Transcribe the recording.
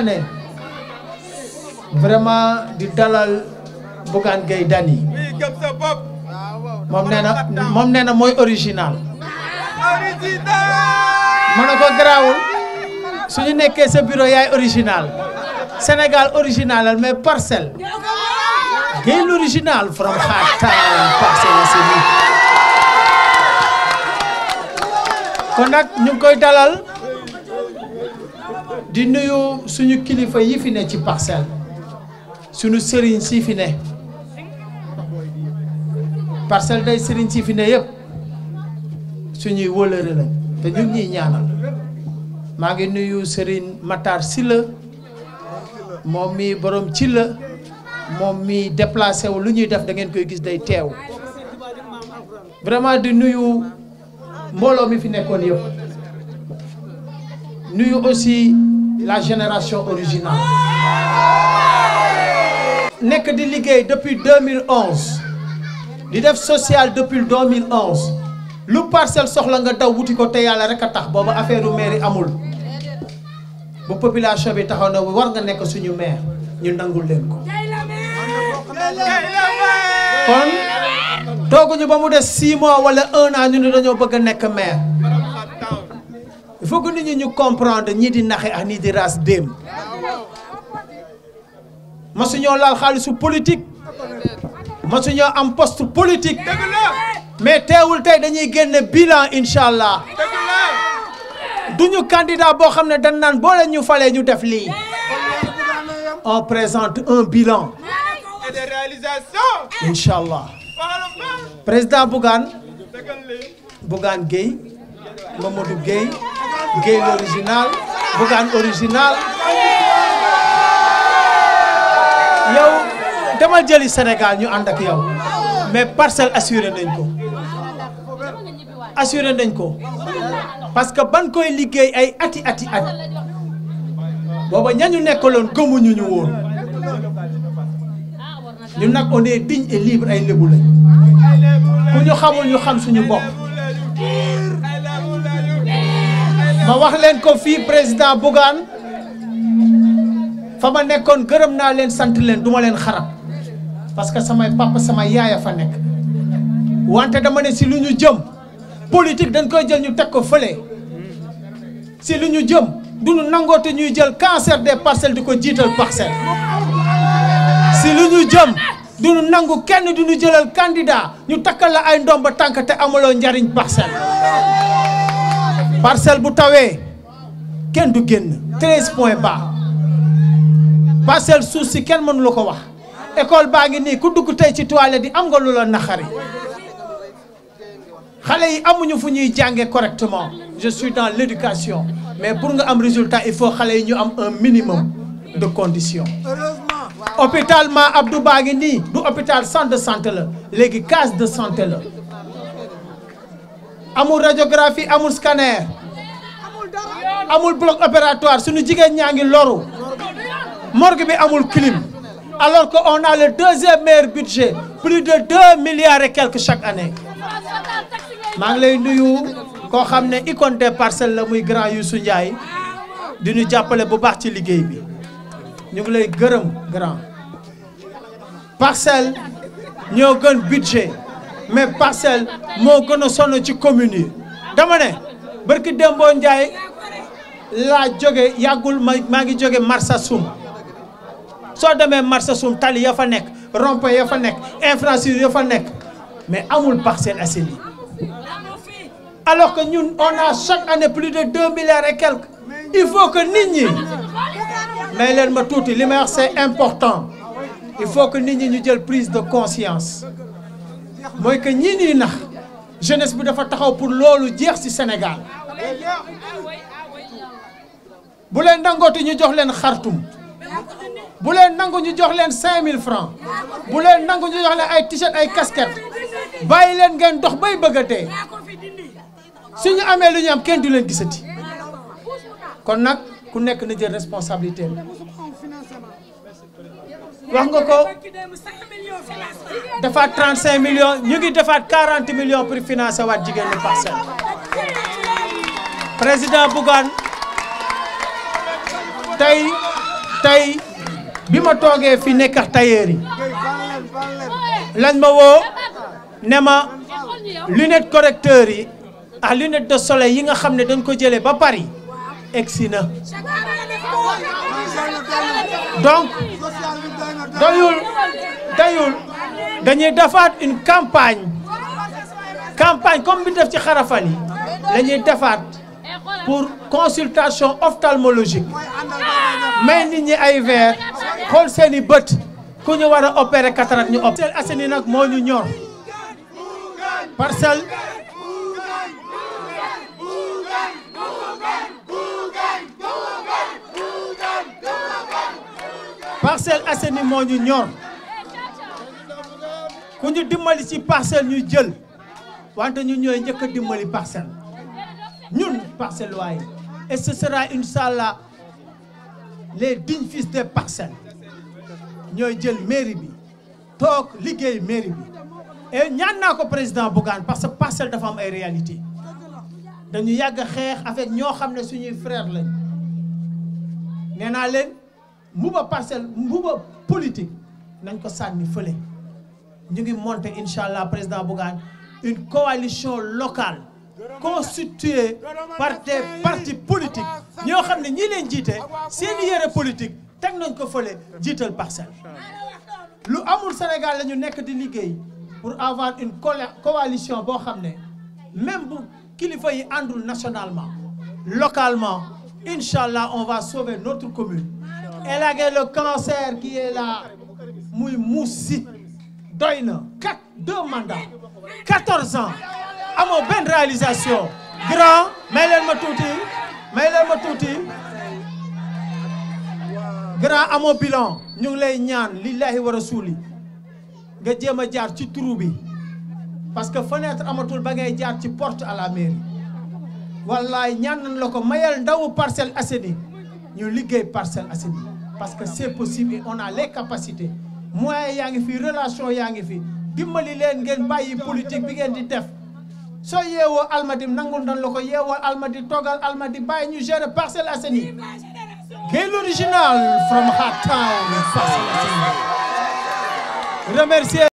Sané vraiment di dalal Bougane Gueye Dany moom nee na mooy original ma ne ko garaawul su nekkee sa bureau yaay original Sénégal original mais parcelle Gueye l'original from Hard Time Parcelles Assainies kon nag ñu koy dalal di nuyu suñu kilifa yi fi ne ci parcelle sunu sëriñ si fi ne parcelle day sëriñ si fi ne yëpp suñuy wëlëre lañ te ñu ñuy ñaanal maa ngi nuyu sëriñ Matar Sylla moom mi borom ci la moom mi déplacé wu lu ñuy def da ngeen koy gis day teew vraiment di nuyu mbooloo mi fi nekkoon yëpp nuyu aussi la génération originale nekk di liggéey depuis 2011 di def social depuis 2011 lu parcelle soxla nga daw wuti ko te yàlla rek a tax booba affaire u mairie amul bu population bi taxaw na war nga nekk suñu maire ñu nangul leen ko kon tooguñu ba mu des 6 mois wala 1 an ñu ne dañoo bëgg a nekk maire il faut que ñu comprendre ñii di naxe ak ñii di raas déem masuñoo laal xaalisu politique masuñoo am poste politique mais teewul tey dañuy génne bilan incha allah duñu candidat boo xam ne dañ naan boo leen ñu falee ñu def lii on présente un bilan et des réalisations incha allah président Bougane Bougane Gueye Mamadou Guèye l'original Bougane original yow demal jëli Sénégal ñu ànd ak yow mais parcelle assuré nañ ko assuré nañ ko parce que ban koy liggéey ay ati ati at booba ñañu nekkoloon gëmuñu ñu woon ñu nag on est digne et libre ay lébu ku ñu xamul ñu xam suñu bopp ma wax leen ko fii président Bougane fa ma nekkoon gërëm naa leen sant leen duma leen xarab parce que samay papa sama yaaya fa nekk wante dama ne si lu ñu jëm politique dañ koy jël ñu teg ko fële si lu ñu jëm du ñu nangoote ñuy jël cancer des parcelles di ko jiital parcelle si lu ñu nangu kenn du ñu jëlal candidat ñu takkal la ay ndomb tànk te amaloo njariñ parcelle parcelle bu tawee kenn du génn treize point bas parcelle suuf si kenn mënu la ko wax école baa ngi nii ku dugg tey ci toilette yi am nga lu la naxari xale yi amuñu fu ñuy jànge correctement je suis dans l'éducation mais pour nga am résultat il faut xale yi ñu am un minimum de condition hôpital ma Abdou baa ngi nii du hôpital sant de santé la léegi case de santé la amul radiographie amul scanner amul bloc opératoire suñu jigéen ñaa ngi loru morgue bi amul clim alors que on a le deuxième meilleur budget plus de deux milliards et quelques chaque année maa ngi lay nuyu koo xam ne icône des parcelles la muy grand Youssou Ndiaye di ñu jàppale bu baax ci liggéey bi ñu ngi lay gërëm grand parcelle ñoo gën budget mais parcelle moo gën a sonn ci commune yi dama ne barki Dembo Ndiaye laa jóge yàggul ma maa ngi jóge Marsassoum soo demee Marsassoum tali ya fa nekk rond-point ya fa nekk infrastructure ya fa nekk mais amul Parcelles Assainies alors que ñun on a chaque année plus de deux milliards et quelques il faut que nit ñi may leen ma tuuti li may wax important il faut que nit ñi ñu jël prise de conscience mooy que ñii ñuy nax jeunesse bi dafa taxaw pour loolu jeex ci senegal bu leen nangooti ñu jox leen xartum bu leen nangu ñu jox leen 5000 francs bu leen nangu ñu jox leen ay t-shirt ay casquette bàyyi leen ngeen dox bay bëgg a dee suñu amee lu ñu am kenn du leen gisati kon nag ku nekk na jël responsabilité wax nga ko defaat 35 millions ñu ngi defaat million millions pour financer waat jigéen ñi parcelle président Bougane tey tey bi ma toogee fi nekk ak tailleur yi lañ ma woo ne ma lunette correcteur yi ak lunette de soleil yi nga xam ne dañ ko jëlee ba Paris egsi na donc dayul dayul dañuy defaat une campagne campagne comme bi ci xarafal dañuy defaat pour consultation ophtalmologique may nit ñi ay verre xool seeni bët ku ñu war a opérer cataracte ñu opérer Assainies nag moo ñu ñor parcelle Parcelles Assainies moo ñu ñor ku ñu dimbali si parcelle ñu jël wante ñu ñooy njëkk a dimbali parcelle ñun parcelle waaye et ce sera inchallah les dignes fils ñoo jël mairie bi toog liggéey mairie bi et ñaan naa ko président Bougane parce que parcelle dafa am ay réalité dañu yàgg xeex avec ñoo xam ne suñuy frère lañ nee naa leen mbuba parcelle mbuba politique nañ ko sànni fële ñu ngi monter incha allah président Bougane une coalition locale constituée par des partis politiques ñoo xam ne ñii leen jiite seeni yére politique teg nañ ko fële jiital parcelle lu amul Sénégal la ñu nekk di liggéey pour avoir une coalition boo xam ne même kilifa yi àndul nationalement localement incha allah on va sauver notre commune élaguer le cancer qui muy Moussi doy na quatre deux mandats quatorze ans amoo benn réalisation grand may ma tuuti may ma tuuti grand amoo bilan ñu ngi lay ñaan lillahi war rasuli nga jéem a jaar ci trou bi parce que fenêtre amatul ba jaar ci porte à la mairie ñaan nañ la ko mayal ndawu Parcelles Assainies ñu liggéey Parcelles Assainies parce que c'est possible et on a les capacité moyens yaa ngi fi relation yaa ngi fi dimbali leen ngeen bàyyi politique bi ngeen di def soo yeewoo Almadi nangul nañ la ko yeewoo Almadi toogal Almadi bàyyi ñu gérer Parcelles Assainies Quel original from Hard Town Parcelles Assainies remercier